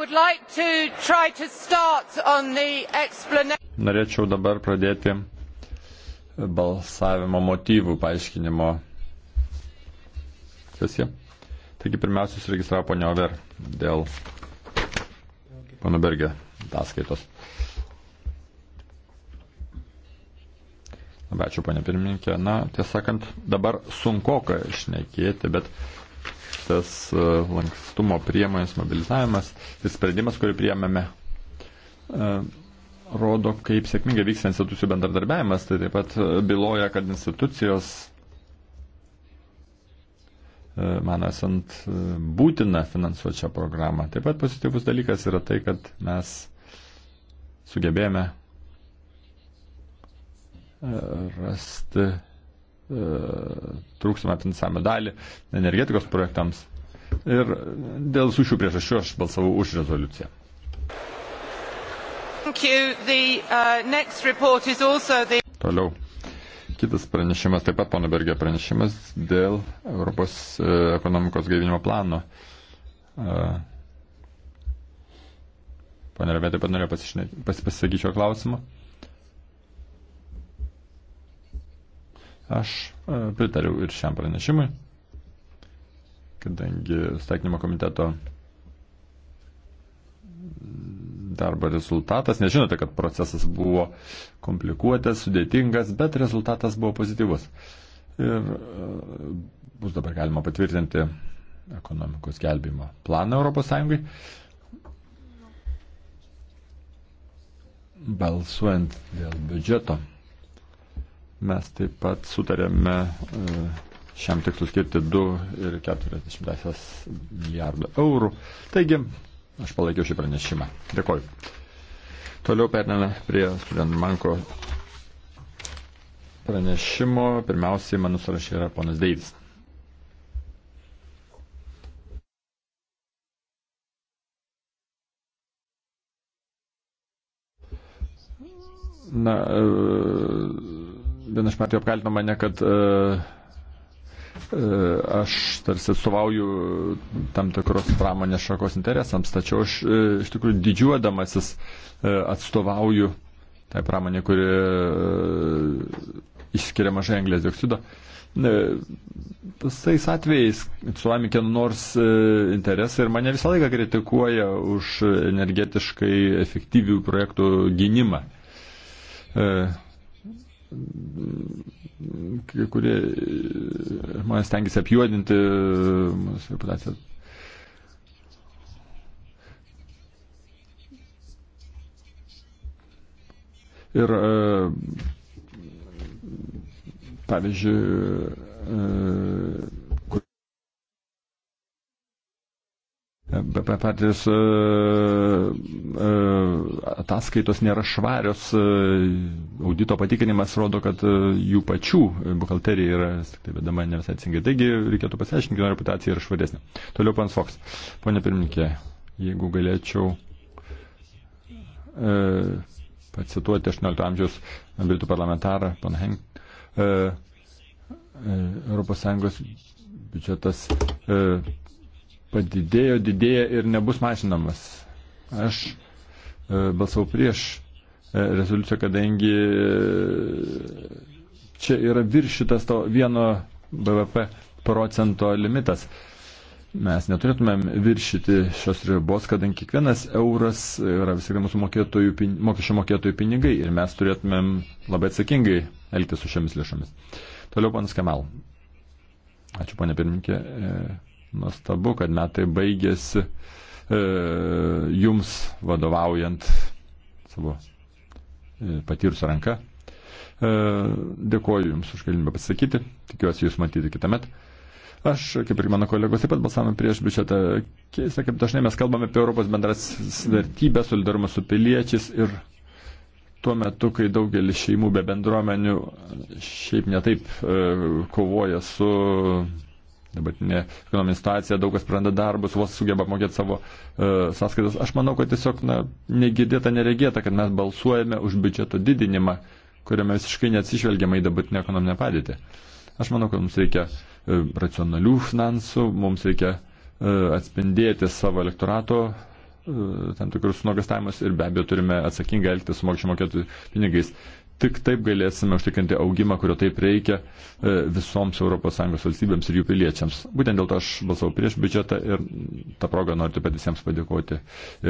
like to to Norėčiau dabar pradėti balsavimo motyvų paaiškinimo sesiją. Taigi pirmiausia, suregistravo ponia Over dėl pono Bergė ataskaitos. Labai ačiū, ponia pirmininkė. Na, tiesąkant, dabar sunku ką išnekėti, bet šitas e, lankstumo priemonės, mobilizavimas ir sprendimas, kurį priemėme, e, rodo, kaip sėkmingai vyksta institucijų bendradarbiavimas. Tai taip pat e, byloja, kad institucijos, man esant, būtina finansuoti šią programą. Taip pat pozityvus dalykas yra tai, kad mes sugebėjome rasti E, trūkstamą finansavimo dalį energetikos projektams. Ir dėl su šių priežasčių aš balsavau už rezoliuciją. Uh, the... Toliau. Kitas pranešimas, taip pat pono Bergė pranešimas dėl Europos e, ekonomikos gaivinimo plano. E, Pane Rebė, taip pat norėjau pasisakyti šio klausimo. Aš e, pritariu ir šiam pranešimui, kadangi steikinimo komiteto darbo rezultatas, nes žinote, kad procesas buvo komplikuotas, sudėtingas, bet rezultatas buvo pozityvus. Ir e, bus dabar galima patvirtinti ekonomikos gelbimo planą ES. Balsuojant dėl biudžeto Mes taip pat sutarėme e, šiam tikslui skirti 2,40 milijardo eurų. Taigi, aš palaikiau šį pranešimą. Dėkoju. Toliau pername prie studentų banko pranešimo. Pirmiausiai mano sąrašė yra ponas Deivis. Na, e, viena iš partijų apkaltino mane, kad e, e, aš tarsi atstovauju tam tikros pramonės šakos interesams, tačiau aš e, iš tikrųjų didžiuodamasis atstovauju tai pramonė, kuri išskiria mažai anglės dioksido. Tais atvejais atstovami kieno nors interesai ir mane visą laiką kritikuoja už energetiškai efektyvių projektų gynimą kai kurie e, žmonės tengiasi apjuodinti e, mūsų reputaciją. Ir e, pavyzdžiui, BP partijos e, e, ataskaitos nėra švarios, e, audito patikinimas rodo, kad jų pačių buhalterija yra tai vedama ne visai atsingai. Taigi reikėtų pasiaiškinti, kieno reputacija yra švaresnė. Toliau pan Fox. Pone pirmininkė, jeigu galėčiau e, pacituoti 18 amžiaus britų parlamentarą, pan Henk, e, e, ES biudžetas. E, padidėjo, didėja ir nebus mažinamas. Aš e, balsau prieš e, rezoliuciją, kadangi e, čia yra viršytas to vieno BVP procento limitas. Mes neturėtumėm viršyti šios ribos, kadangi kiekvienas euras yra vis tik mūsų mokėtojų, mokesčių mokėtojų pinigai ir mes turėtumėm labai atsakingai elgtis su šiomis lėšomis. Toliau, panas Kamal. Ačiū, ponė pirmininkė. Nuostabu, kad metai baigėsi e, jums vadovaujant savo e, patyrusią ranką. E, dėkuoju Jums už galimybę pasisakyti. Tikiuosi Jūs matyti kitą metą. Aš, kaip ir mano kolegos, taip pat balsavome prieš biudžetą. Keista, kaip dažnai mes kalbame apie Europos bendras vertybės, solidarumą su piliečiais ir tuo metu, kai daugelis šeimų be bendruomenių šiaip netaip e, kovoja su dabartinė ekonominė situacija, daug kas praranda darbus, vos sugeba mokėti savo e, sąskaitas. Aš manau, kad tiesiog na, negidėta, neregėta, kad mes balsuojame už biudžeto didinimą, kuriame visiškai neatsižvelgiama į dabartinę ekonominę padėtį. Aš manau, kad mums reikia e, racionalių finansų, mums reikia e, atspindėti savo elektorato e, tam tikrus nuogastavimus ir be abejo turime atsakingai elgtis su mokesčių mokėtojų pinigais. Tik taip galėsime užtikrinti augimą, kurio taip reikia e, visoms ES valstybėms ir jų piliečiams. Būtent dėl to aš balsavau prieš biudžetą ir tą progą noriu taip pat visiems padėkoti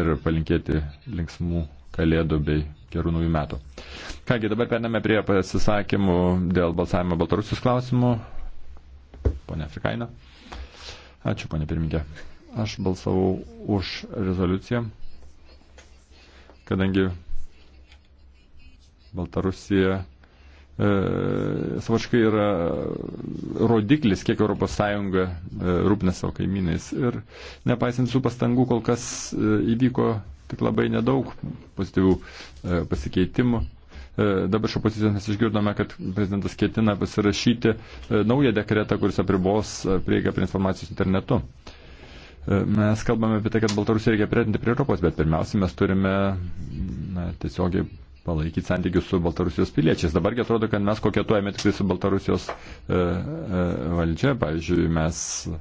ir palinkėti linksmų kalėdų bei gerų naujų metų. Kągi, dabar pername prie pasisakymų dėl balsavimo Baltarusijos klausimų. Pone Afrikaina. Ačiū, pone pirmininkė. Aš balsavau už rezoliuciją, kadangi Baltarusija e, savaškai yra rodiklis, kiek ES e, rūpina savo kaimynais. Ir nepaisant su pastangų, kol kas e, įvyko tik labai nedaug pozityvių e, pasikeitimų. E, dabar iš opozicijos mes išgirdome, kad prezidentas ketina pasirašyti e, naują dekretą, kuris apribos e, prieigą prie informacijos internetu. Mes kalbame apie tai, kad Baltarusiją reikia priartinti prie Europos, bet pirmiausia, mes turime na, tiesiogiai palaikyti santykius su Baltarusijos piliečiais. Dabargi atrodo, kad mes koketuojame tik tai su Baltarusijos e, e, valdžia. Pavyzdžiui, mes e,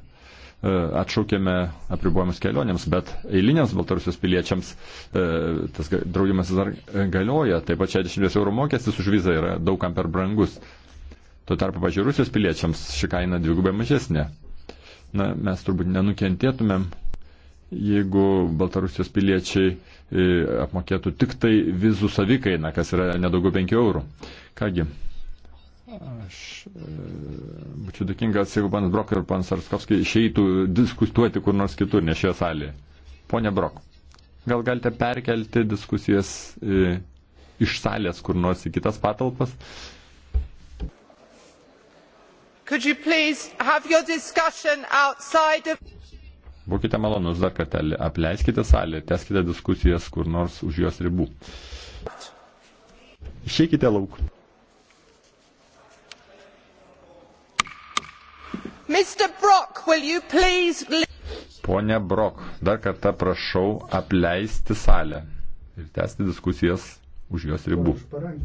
atšaukėme apribojimus kelionėms, bet eiliniams Baltarusijos piliečiams e, tas draudimas dar galioja. Taip pat 60 eurų mokestis už vizą yra daugam per brangus. Tuo tarpu, pažiūrėjus, Rusijos piliečiams ši kaina dvigubai mažesnė. Na, mes turbūt nenukentėtumėm jeigu Baltarusijos piliečiai e, apmokėtų tik tai vizų savikainą, kas yra nedaugiau 5 eurų. Kągi, aš e, būčiau dėkingas, jeigu panas Brok ir panas Arskovskiai išeitų diskutuoti kur nors kitur, ne šioje salėje. Pone Brok, gal galite perkelti diskusijas e, iš salės kur nors į kitas patalpas? Could you please have your discussion outside of... Būkite malonus dar kartą, apleiskite salę ir teskite diskusijas kur nors už jos ribų. Išeikite lauk. Brock, please... Pone Brok, dar kartą prašau apleisti salę ir tęsti diskusijas už jos ribų. Aš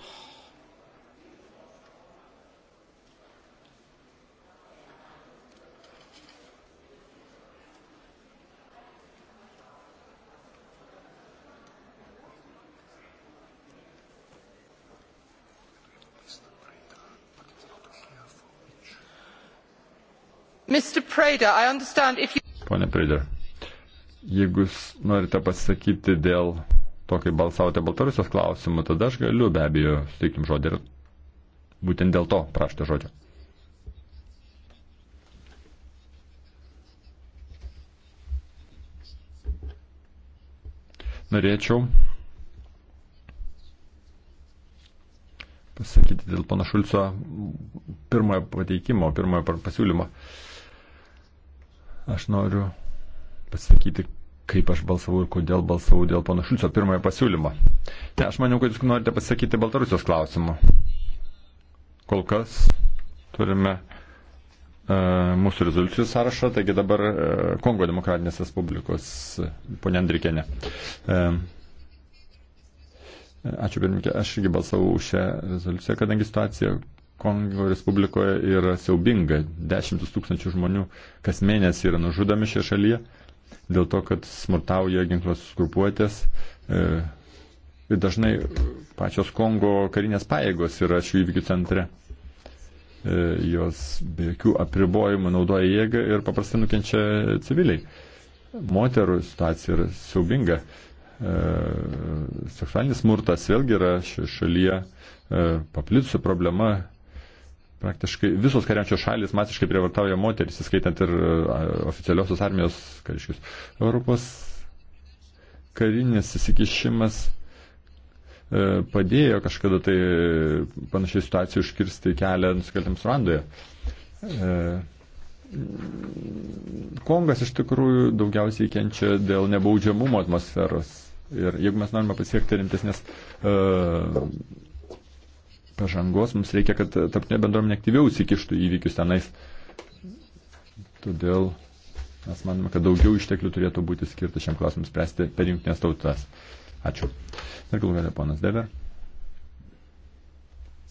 Pone Preda, jeigu jūs norite pasakyti dėl to, kaip balsavote Baltarusijos klausimu, tada aš galiu be abejo suteikti žodį ir būtent dėl to prašote žodžio. Norėčiau pasakyti dėl pana Šulco pirmojo pateikimo, pirmojo pasiūlymo. Uh, Aš noriu pasakyti, kaip aš balsavau ir kodėl balsavau dėl pono Šulco pirmojo pasiūlymo. Ne, tai aš maniau, kad jūs norite pasakyti Baltarusijos klausimu. Kol kas turime e, mūsų rezoliucijų sąrašą, taigi dabar e, Kongo demokratinės Respublikos e, ponė Andrikėne. Ačiū pirmininkė, aš irgi balsavau už šią rezoliuciją, kadangi situacija, Kongo Respublikoje yra siaubinga. Dešimtus tūkstančių žmonių kas mėnesį yra nužudomi šioje šalyje dėl to, kad smurtauja ginklos grupuotės. E, ir dažnai pačios Kongo karinės pajėgos yra šių įvykių centre. E, jos be jokių apribojimų naudoja jėgą ir paprastai nukenčia civiliai. Moterų situacija yra siaubinga. E, seksualinis smurtas vėlgi yra šioje šalyje paplitusi problema praktiškai visos kariančios šalis masiškai prievartauja moteris, įskaitant ir e, oficialiosios armijos kariškius. Europos karinės įsikišimas e, padėjo kažkada tai panašiai situacijai užkirsti kelią nusikaltėms Ruandoje. E, Kongas iš tikrųjų daugiausiai kenčia dėl nebaudžiamumo atmosferos. Ir jeigu mes norime pasiekti rimtesnės uh, pažangos, mums reikia, kad tarptautinė bendruomenė aktyviau įsikištų įvykius tenais. Todėl mes manome, kad daugiau išteklių turėtų būti skirta šiam klausimui spręsti per jungtinės tautas. Ačiū. Ir galų galia ponas Dever.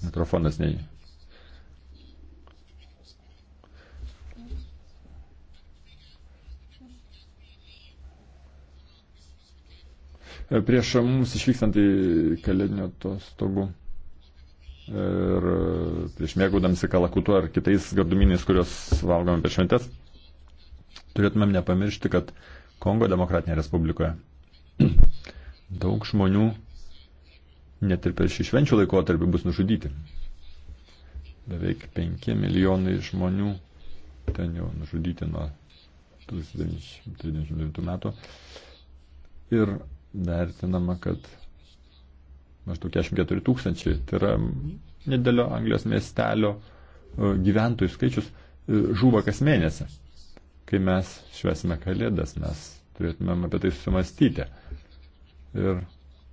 Mikrofonas nei. Prieš mums išvykstant į kalėdinio atostogų ir prieš mėgaudamsi kalakutu ar kitais garduminiais, kuriuos valgome per šventes, turėtumėm nepamiršti, kad Kongo demokratinėje respublikoje daug žmonių net ir per šį švenčių laikotarpį bus nužudyti. Beveik 5 milijonai žmonių ten jau nužudyti nuo 1999 metų. Ir vertinama, kad maždaug 44 tūkstančiai, tai yra nedėlio Anglijos miestelio e, gyventojų skaičius e, žūva kas mėnesį. Kai mes švesime kalėdas, mes turėtumėm apie tai sumastyti ir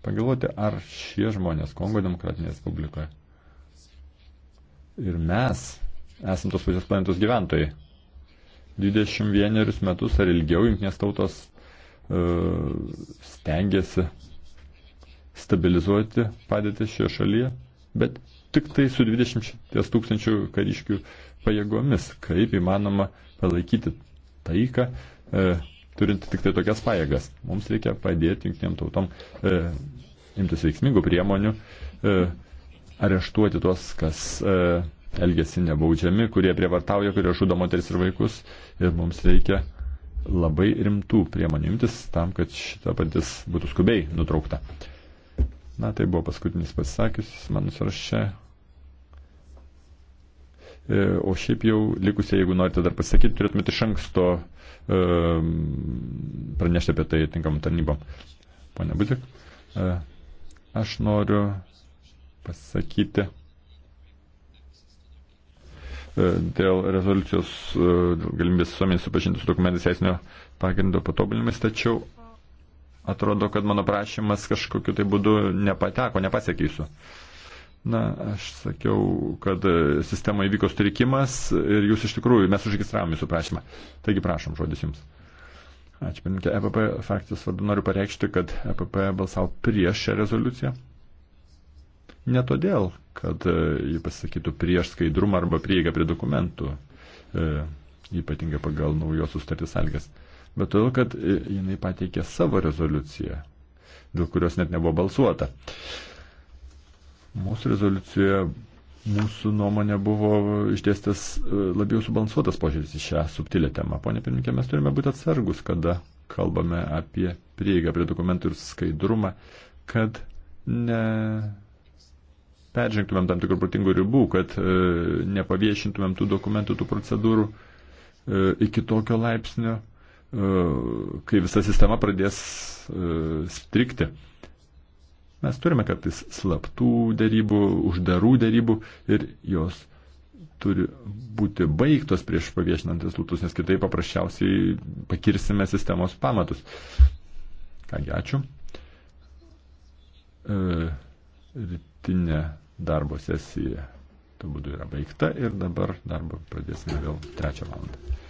pagalvoti, ar šie žmonės Kongo demokratinėje Respublikoje ir mes esam tos pačios planetos gyventojai. 21 metus ar ilgiau jungtinės tautos uh, e, stengiasi stabilizuoti padėtį šioje šalyje, bet tik tai su 20 tūkstančių kariškių pajėgomis, kaip įmanoma palaikyti taiką, e, turint tik tai tokias pajėgas. Mums reikia padėti jungtiniam tautom e, imtis veiksmingų priemonių, e, areštuoti tuos, kas e, elgesi nebaudžiami, kurie prievartauja, kurie žudo moteris ir vaikus. Ir mums reikia labai rimtų priemonių imtis tam, kad šita patis būtų skubiai nutraukta. Na, tai buvo paskutinis pasisakiusis mano sąraše. E, o šiaip jau likusiai, jeigu norite dar pasakyti, turėtumėte iš anksto e, pranešti apie tai tinkam tarnybom. Pone Budik, e, aš noriu pasakyti e, dėl rezoliucijos e, dėl galimybės visuomenės supažinti su dokumentais teisinio pagrindo patobulimais, tačiau atrodo, kad mano prašymas kažkokiu tai būdu nepateko, nepasakysiu. Na, aš sakiau, kad sistemoje įvyko sutrikimas ir jūs iš tikrųjų, mes užregistravome jūsų prašymą. Taigi prašom, žodis jums. Ačiū, pirmininkė. EPP frakcijos vardu noriu pareikšti, kad EPP balsavo prieš šią rezoliuciją. Ne todėl, kad e, jį pasakytų prieš skaidrumą arba prieigą prie dokumentų, e, ypatingai pagal naujos sutartys algas bet todėl, kad e, jinai pateikė savo rezoliuciją, dėl kurios net nebuvo balsuota. Mūsų rezoliucijoje mūsų nuomonė buvo išdėstas e, labiau subalansuotas požiūris į šią subtilę temą. Pone pirmininkė, mes turime būti atsargus, kada kalbame apie prieigą prie dokumentų ir skaidrumą, kad ne peržengtumėm tam tikrų protingų ribų, kad e, nepaviešintumėm tų dokumentų, tų procedūrų e, iki tokio laipsnio, kai visa sistema pradės e, strikti. Mes turime kartais slaptų dėrybų, uždarų dėrybų ir jos turi būti baigtos prieš paviešinant rezultatus, nes kitaip paprasčiausiai pakirsime sistemos pamatus. Kągi, ačiū. E, rytinė darbo sesija turbūt yra baigta ir dabar darbą pradėsime vėl trečią valandą.